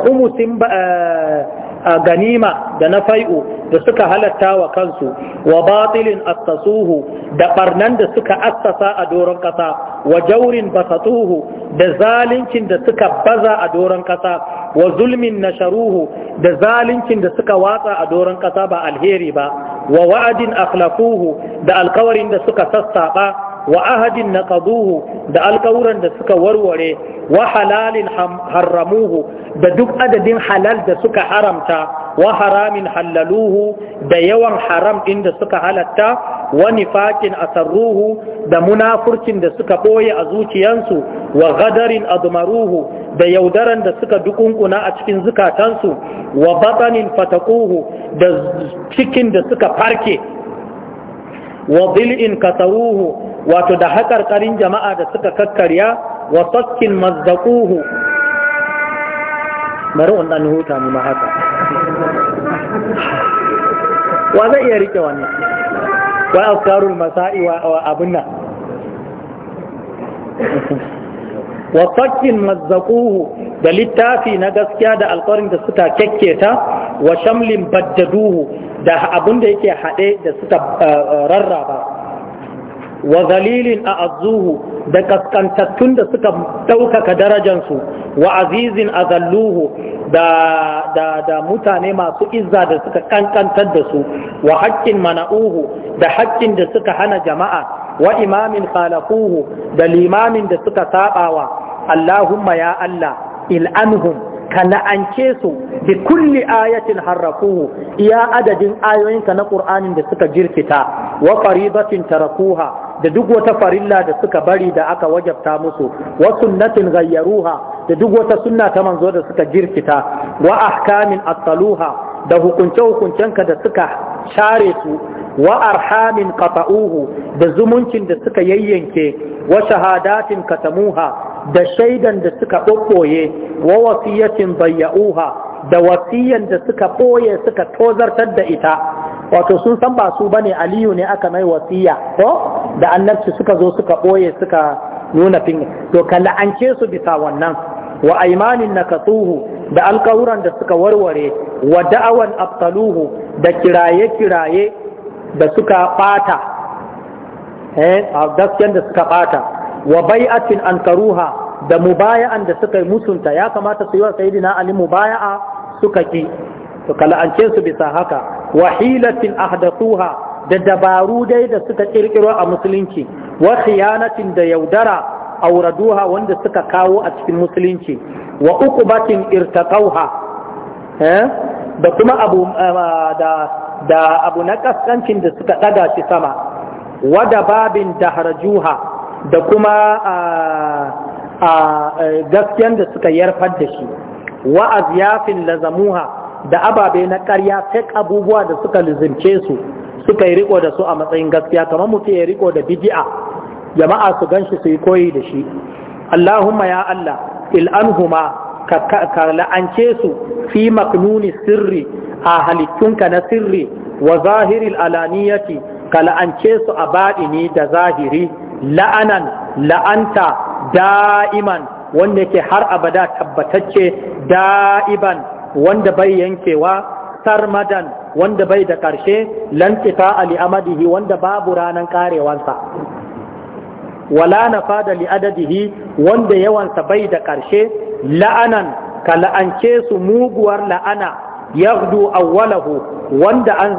ba... Eh, A ganima da na fai'u da suka halatta wa kansu wa batilin astasuhu da barnan da suka assasa a doron kasa wa jaurin basatuhu da zalincin da suka baza a doron kasa wa zulmin nasharuhu da zalincin da suka watsa a doron kasa ba alheri ba wa wa'adin akhlafuhu da alkawarin da suka sassaɓa wa ahadin naƙaduhu da alƙawuran da suka warware wa halalin haramuhu da duk adadin halal da suka haramta wa haramin halaluhu da yawan haram inda suka halatta wa nifakin asarruhu da munafurcin da suka ɓoye a zuciyansu wa gadarin azumaruhu da yaudaran da suka dukunkuna a cikin zukatansu wa batsanin fatakuhu da cikin da suka farke wa bil'in kasaruhu wato da haƙarƙarin jama'a da suka kakkarya wa sakkin bari huta ma haka wa zai iya rike wannan wa masa'i wa wa sakkin da littafi na gaskiya da alƙawarin da suka kekketa wa shamlin baddaduhu da abin da yake haɗe da suka eh, eh, rarraba wa zalilin a azuhu da kaskantattun da suka ɗaukaka darajansu wa azizin a zalluhu da, da, mutane masu izza da suka ƙanƙantar da su wa haƙƙin mana'uhu da haƙƙin da suka hana jama'a wa imamin khalafuhu da limamin da suka saɓawa Allahumma ya Allah il'anhum ka la'ance su bi kulli ayatin harrafuhu iya adadin ayoyinka na ƙur'anin da suka jirkita wa faridatin tarakuha da duk wata farilla da suka bari da aka wajabta musu wa sunnatin ghayyaruha da duk wata sunna ta manzo da suka jirkita wa ahkamin asaluha da hukunce hukuncenka da suka share su wa arhamin qata'uhu da zumuncin da suka yayyanke wa shahadatin katamuha da shaidan da suka ɓoɓɓoye wa wasiyatin bayya'uha da wasiyan da suka ɓoye suka tozartar da ita wato sun san ba su bane aliyu ne aka mai wasiya ko da annabci suka zo suka boye suka nuna fin to ka la'ance su bisa wannan wa aimanin nakasuhu da alkawuran da suka warware wa da'awan abtaluhu da kiraye-kiraye da suka bata eh gaskiyar da suka bata wa bai'atin ankaruha da mubaya'an da suka yi musunta ya kamata su yi wa sayidina ali mubaya'a suka ki to kala'ance su bisa haka wahilatin ahdathuha da dabaru dai da suka kirkiro a musulunci wa khiyanatin da yaudara auraduha wanda suka kawo a cikin musulunci wa uqbatin irtaqauha eh da kuma abu eh, da da abu na kaskancin da suka daga shi sama wa dababin dahrajuha da kuma a eh, gaskiyan da suka yarfar da shi wa azyafin lazamuha da ababe na ƙarya fake abubuwa da suka lizimce su suka yi riko da su a matsayin gaskiya kamar mutum ya riko da bidi'a jama'a su ganshi su yi koyi da shi Allahumma ya Allah il'anhuma ka la'ance su fi maknuni sirri a halittunka na sirri wa zahiril alaniyati ka la'ance su a baɗini da zahiri la'anan la'anta da'iman wanda yake har abada tabbatacce da'iban wanda bai yankewa sarmadan wanda bai da ƙarshe lantita ali amadihi wanda babu ranar ƙarewansa. wala nafa da li'adadihi wanda yawansa bai da ƙarshe la'anan ka la'ance su muguwar la'ana yagdu awwalahu eh,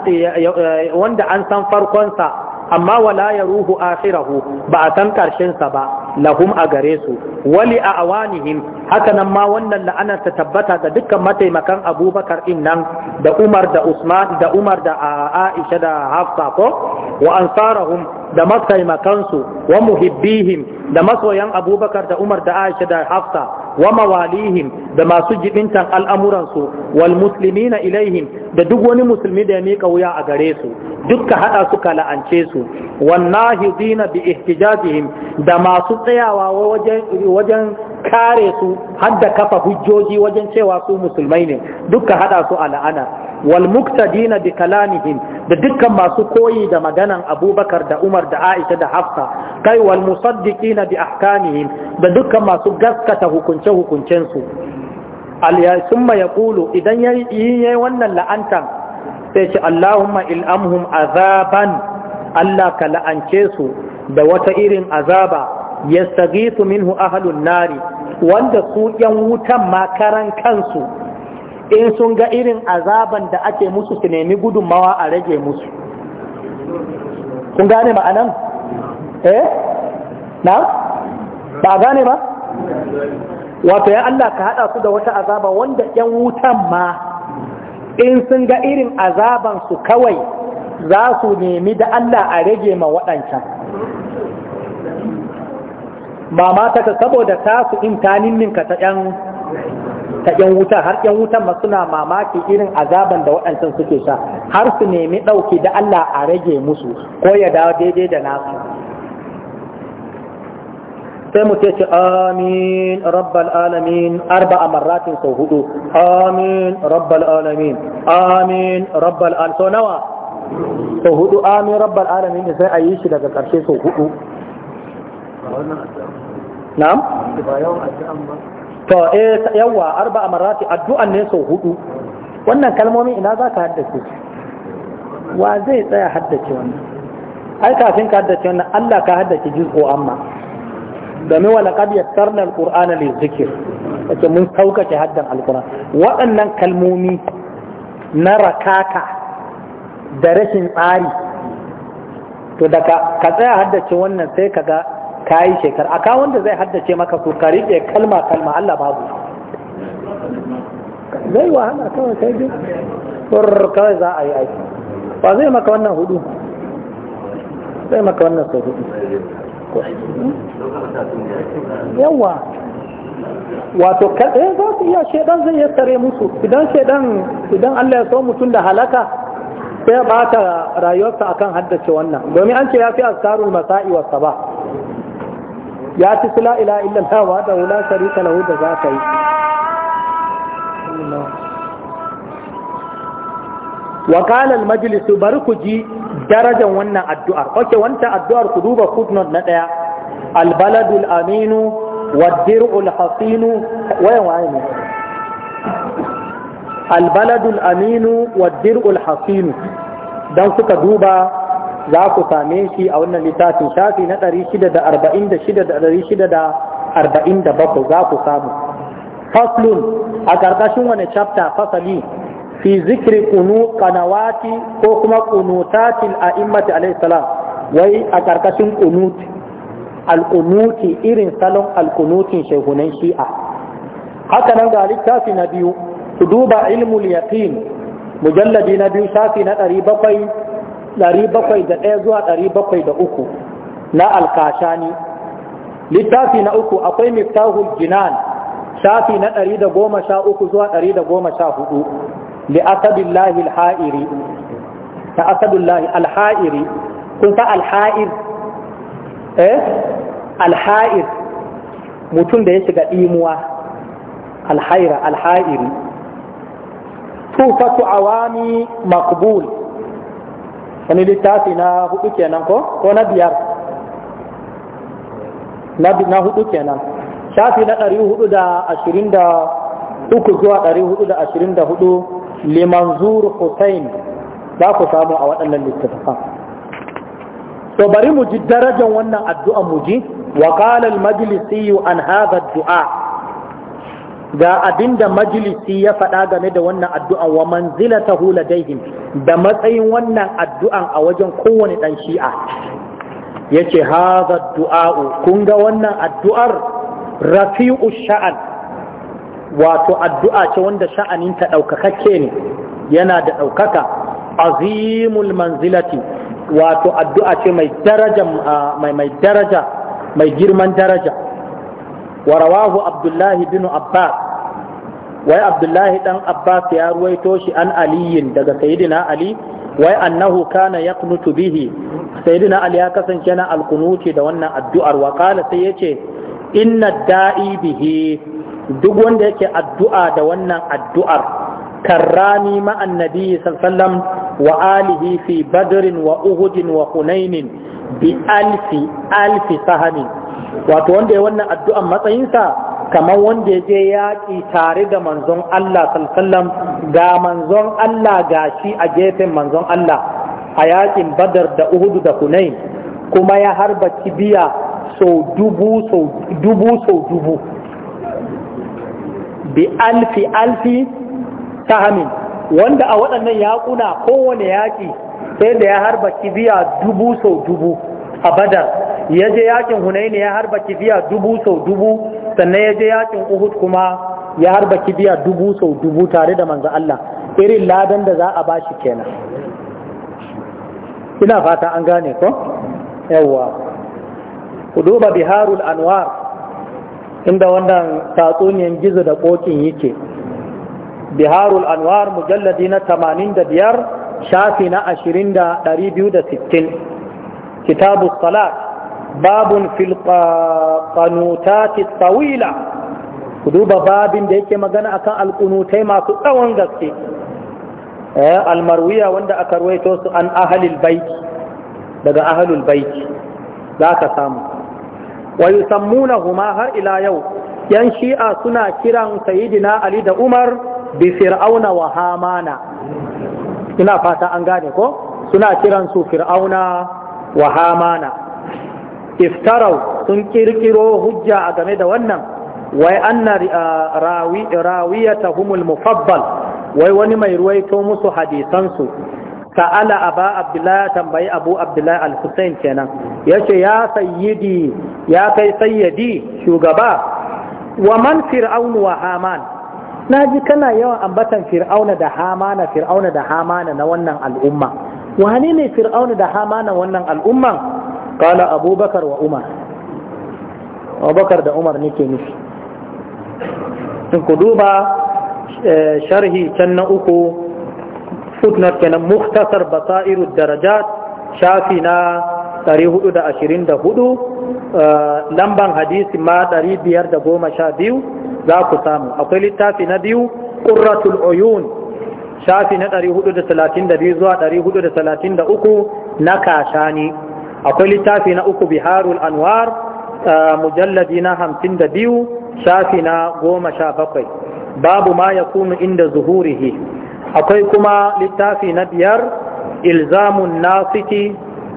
eh, eh, wanda an san farkonsa amma wala ya ruhu akhirahu ba a san karshensa ba lahum a gare su wali a awanihim haka nan ma wannan la'anar ta tabbata ga dukkan mataimakan abubakar din nan da umar da usman da umar da aisha da hafsa ko wa ansarahum da mataimakansu wa muhibbihim da masoyan abubakar da umar da aisha da hafsa wa mawalihim da masu jibintan al'amuransu wal muslimina ilaihim da duk wani musulmi da ya miƙa wuya a gare su dukka haɗa suka la'ance su wannahidina bi ihtijajihim da masu tsayawa wajen kare su har da kafa hujjoji wajen cewa su musulmai ne duka hada su a la'ana wal muktadina bi kalamihim da dukkan masu koyi da maganan Abubakar da Umar da Aisha da Hafsa kai wal musaddiqina bi ahkamihim da dukkan masu gaskata hukunce hukuncen su summa yaqulu idan yayi wannan la'anta sai ce Allahumma il'amhum azaban Allah ka la'ance su da wata irin azaba yastaghithu minhu ahlun nari wanda su yan wutan makaran kansu in sun ga irin azaban da ake musu su nemi gudunmawa a rage musu kun gane ma'anan eh na ba gane ba wato ya Allah ka hada su da wata azaba wanda yan wutan ma in sun ga irin azaban su kawai za su nemi da Allah a rage ma waɗancan mama ta ka saboda ta su in ta yan ta yan wuta har yan wutan ma suna mamaki irin azaban da waɗancan suke sha har su nemi ɗauki da Allah a rage musu ko ya dawo daidai da nasu sai mu ce amin rabbal alamin arba a marratin sau hudu amin rabbal alamin amin rabbal alamin sau nawa sau hudu amin rabbal alamin sai a yi shi daga ƙarshe sau hudu na'am to eh yawa arba'a marati addu'an ne so hudu wannan kalmomin ina za ka haddace wa zai tsaya haddace wannan ai kafin ka haddace wannan Allah ka haddace juz'u amma domin wa laqad yassarna alqur'ana lizikr wace mun saukake haddan alqur'an waɗannan kalmomi na rakaka da rashin tsari to daga ka tsaya haddace wannan sai kaga ka yi shekar a kawon da zai haddace maka su ka riƙe kalma kalma Allah babu zai wahala kawai bi? dai kawai za a yi aiki ba zai maka wannan hudu zai maka wannan sau hudu yawa wato kaɗai eh, za su iya shaidan zai ya tare musu idan shaidan idan Allah ya so mutum da halaka sai ya ta rayuwarsa akan haddace wannan domin an ce ya fi askarul masa'i wa saba ya ci sula ila illan hawa da wula sharika lahu da za ka yi Wakalar qala al bar ku ji darajan wannan addu'ar okay wanta addu'ar ku duba footnote na ɗaya, al aminu Waddir dir'ul wayan ne aminu dan suka duba za ku same shi a wannan littafin shafi na 646 da za ku samu faslun a ƙarƙashin wani chapter fasali fi zikri kunu kanawati ko kuma kunutatil a immati salam wai a ƙarƙashin kunuti alkunuti irin salon alkunutin shehunan shi'a haka nan ga littafi na biyu su duba ilmul yaqin mujalladi na biyu shafi na ɗari bakwai 701 zuwa 703 na alkashani littafi na uku akwai miftahul jinan shafi na 113 zuwa 114 li asabillahi alha'iri ta asabillahi alha'iri kun ta alha'ir eh alha'ir mutum da ya shiga imuwa alhaira alha'iri tufatu awami makbul. wani littafi na hudu kenan ko ko na biyar na hudu kenan shafi na ɗari hudu da ashirin da uku zuwa ɗari hudu da ashirin da hudu limanzur hussein za ku samu a waɗannan littafin. to bari mu ji darajar wannan addu'a mu ji wa qala al-majlisi an hadha du'a ga abinda majalisi ya faɗa game da wannan addu'a wa ta hula daihim da matsayin wannan addu'an a wajen kowane ɗan shi'a ya ce haza du'a'u kun ga wannan addu'ar rafi'u sha'an wato addu'a ce wanda sha'aninta ɗaukakakke ne yana da ɗaukaka azimul manzilati wato addu'a ce mai daraja mai girman daraja Warawahu abdullahi bin abbas wai abdullahi ɗan abbas ya ruwaito shi an aliyin daga sayyidina ali wai annahu kana yaqnutu bihi sayyidina ali ya kasance na alkunuti da wannan addu'ar Wakala sai yace inna da'i bihi duk wanda yake addu'a da wannan addu'ar karrami ma'an nabi sallallahu wa alihi fi badrin wa uhudin wa hunainin bi alfi alfi sahamin wato wanda ya wannan addu'an matsayinsa kamar wanda ya je yaƙi tare da manzon Allah sallallahu ga manzon Allah gashi a gefen manzon Allah a yaƙin badar da uhudu da hunain kuma ya harba cibiya sau dubu sau dubu bi alfi alfi sahamin wanda a waɗannan yaƙuna kowane yaƙi sai da ya harba kibiya dubu sau dubu a badar ya je yaƙin hunaini ya harba kibiya dubu sau dubu sannan ya je yaƙin uhud kuma ya harba kibiya dubu sau dubu tare da manzo Allah irin ladan da za a bashi kenan ina fata an gane ko yawwa ku duba biharul anwar inda wannan tatsuniyan gizo da ƙoƙin yake biharul anwar mujalladi na 85 shafi na 260 kitabu salat babun fil qanutati ku duba babin da yake magana akan alqunutai masu tsawon gaske eh, almarwiya wanda aka ruwaito su an ahalil baiti daga ahalul baiti za ka samu wa yusammunahuma har ila yau yan shi'a suna kiran saidina ali da umar bi fir'auna wa hamana ina fata an gane ko suna kiran su fir'auna wa hamana iftarau sun kirkiro hujja a game da wannan wai anna uh, humul mufabbal wai wani mai ruwaito musu hadisansu ta'ala aba abdullahi tambayi abu abdullahi al husayn kenan yace ya sayyidi ya kai sayyidi shugaba wa man fir'aun wa haman na ji kana yawan ambatan fir'auna da hamana fir'auna da hamana na wannan al'umma Wani ne fir'auna da hamana wannan al'umman kala abubakar wa umar abubakar da umar nake nufi in ku duba eh, sharhi can na uku footnote kenan muktasar basairu darajat shafi na 424 eh, lamban hadisi ma 512 za ku samu akwai littafi na biyu qurratul uyun shafi na 432 zuwa 433 na kashani akwai littafi na uku biharul anwar mujalladi na 52 shafi na 17 babu ma yakunu inda zuhurihi akwai kuma littafi na biyar ilzamun nasiti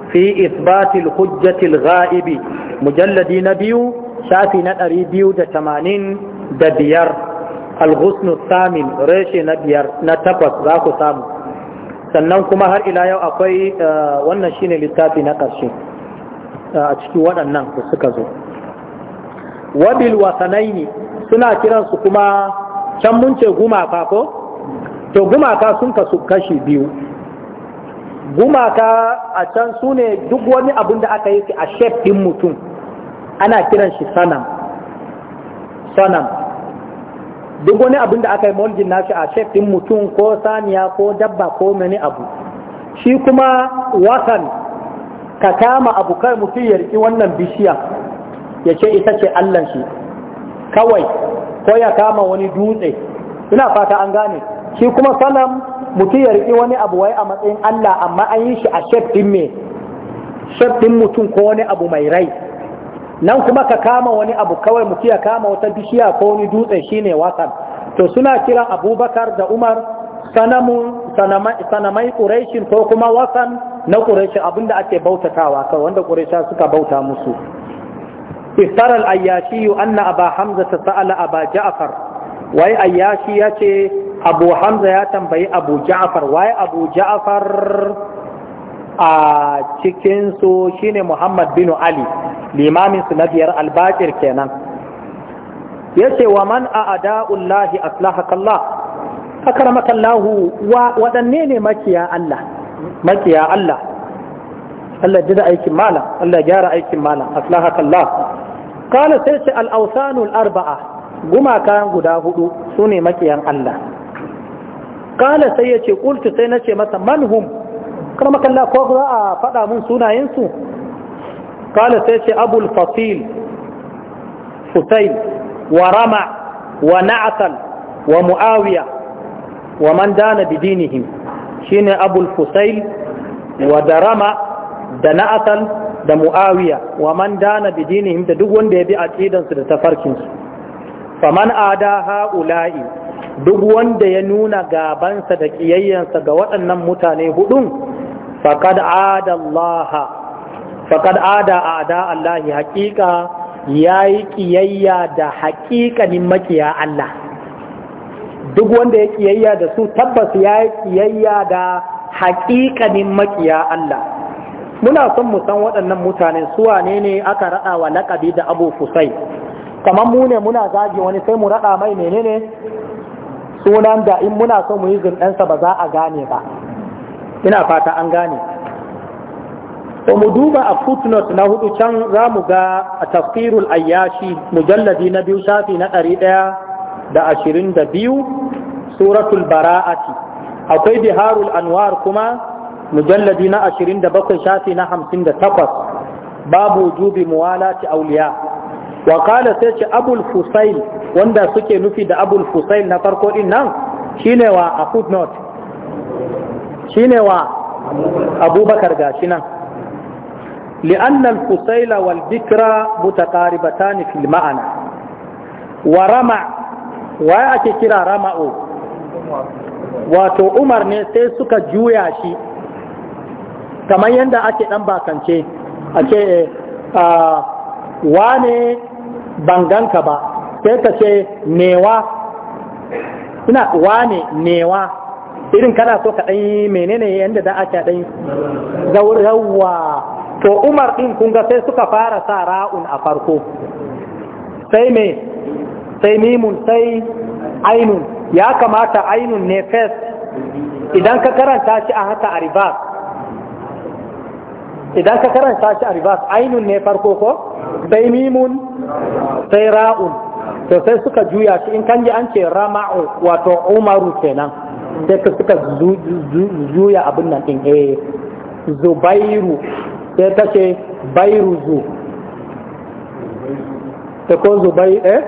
fi isbatil hujjatil ga'ibi mujalladi na biyu shafi na ɗari biyu da tamanin da biyar alhusnu samin reshe na biyar na takwas za ku samu sannan kuma har ila yau akwai eh, wannan shine littafi na ƙarshe eh, a cikin waɗannan da suka zo wabil wasanaini suna kiransu kuma can mun ce gumaka ko to gumaka sun kasu kashi biyu gumaka a can sune duk wani abin da aka yi a shef ɗin mutum ana kiran shi sanam sanam duk wani abin da aka yi moldin nashi a shef ɗin mutum ko saniya ko dabba ko mani abu shi kuma wasan ka kama abu kai mutum ya riki wannan bishiya ya ce ita ce allan shi kawai ko ya kama wani dutse ina fata an gane shi kuma sanam mutum ya riki wani abu wai a matsayin allah amma an yi shi a shef ɗin me mutum ko wani abu mai rai nan kuma ka kama wani abu kawai mutu ya kama wata bishiya ko wani dutse shine wasan to suna kira abubakar da umar sanamai ƙureshin ko kuma wasan na ƙureshin abinda ake bautatawa kai wanda ƙuresha suka bauta musu iftar al-ayyashi anna aba hamza ta sa'ala aba ja'far wai ayyashi yace abu hamza ya tambayi abu ja'far wai abu ja'far a cikin su shine Muhammad bin Ali limamin su na biyar albakir kenan ce wa man a'da'ullahi aslahakallah akramakallahu wa waɗanne ne makiya Allah makiya Allah Allah jira aikin malam Allah gyara aikin malam aslahakallah qala sai ce al-awsanul arba'a gumaka guda hudu ne makiyan Allah qala sai ya ce qultu sai na ce masa manhum karma kalla ko za a faɗa mun sunayensu kala sai ce abul fasil fusail wa rama wa na'atal wa mu'awiya wa man dana bidinihim shine abul fusail wa da rama da na'atal da mu'awiya wa man dana bidinihim da duk wanda ya bi aqidansu da tafarkinsu faman ada ha'ula'i duk wanda ya nuna gabansa da kiyayyansa ga waɗannan mutane hudun faƙad ada Allah faqad ada ada Allah ya yayi ƙiyayya da haqiqanin makiya Allah duk wanda ya ƙiyayya da su tabbas yayi ƙiyayya da haƙiƙanin makiya Allah muna son mu san waɗannan mutane su wane ne aka raɗa wa laƙabi da Abu Fusai kamar mu ne muna zagi wani sai mu raɗa mai menene sunan da in muna so mu yi ɗansa ba za a gane ba ina fata an gane to mu duba a footnote na hudu can za mu ga a tafsirul ayyashi mujalladi na biyu shafi na ɗari ɗaya da ashirin da biyu suratul bara'ati akwai biharul anwar kuma mujalladi na ashirin da bakwai shafi na hamsin da takwas babu jubi muwalati auliya wa kala sai ce abul fusail wanda suke nufi da abul fusail na farko din nan shine wa a footnote shine wa abubakar gashi nan Kusaila wal fusaila buta bikra mutaqaribatan fil ma'ana wa rama ake kira Rama'o? wato umar ne sai suka juya shi kamar yadda ake dan bakance ake wane banganka ba sai ka ce newa ina wane newa irin kana so ka ɗan menene yadda da ake ɗan zaurawa to umar ɗin ga sai suka fara sa ra'un a farko sai me sai mimun sai ainun ya kamata ainun ne fes idan ka karanta shi a haka a ribas idan ka karanta shi a ribas ainun ne farko ko sai mimun sai ra'un to sai suka juya shi in kan ji an ce rama'u wato umaru kenan sai ka suka juya abin nan ɗin eh zubairu sai ta ce bairu zu ta ko zubai eh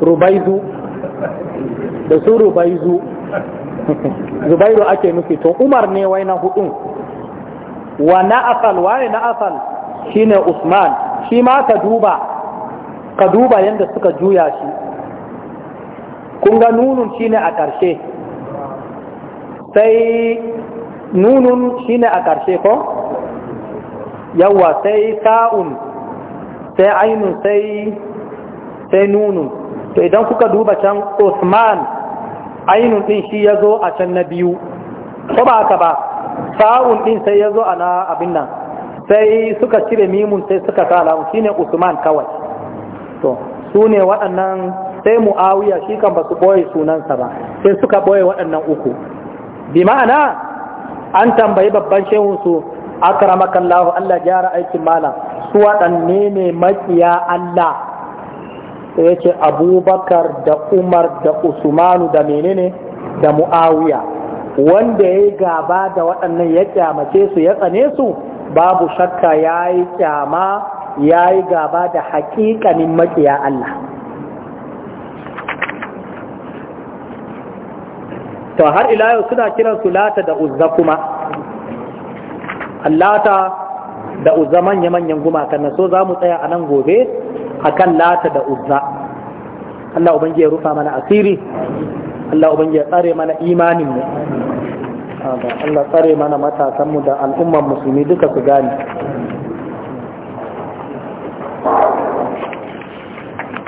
rubaizu da su rubaizu (laughs) zubairu ake nufi to umar ne wai na hudun wa na asal waye na asal shine usman shi ma ka duba ka duba yadda suka juya shi kun ga nunun shine a ƙarshe sai nunun shine a ƙarshe ko Yawwa sai sa'un sai ainun sai sai nunun to idan kuka duba can Usman ainun ɗin shi ya zo a can na biyu ko ba haka ba sa'un din sai ya zo a na abin nan sai suka cire mimun sai suka sa shine Usman kawai to su ne waɗannan sai mu'awiya shi kan ba su ɓoye sunansa ba sai suka ɓoye waɗannan uku bi ma'ana an tambayi babban shehunsu akramakallahu Allah gyara aikin malam su waɗanne ne makiya Allah sai ya ce abubakar da umar da usmanu da menene da mu'awiya wanda ya yi gaba da waɗannan ya kyamace su ya tsane su babu shakka ya yi kyama ya yi gaba da haƙiƙanin maƙiya Allah to har ila yau suna kiran su lata da uzza kuma allata da uzza manya manyan gumakan nan so za mu tsaya a nan gobe akan lata da uzza Allah ubangiji ya rufa mana asiri Allah ubangiji ya tsare mana imaninmu, mu Allah tsare mana matasanmu da al'umman musulmi duka su gane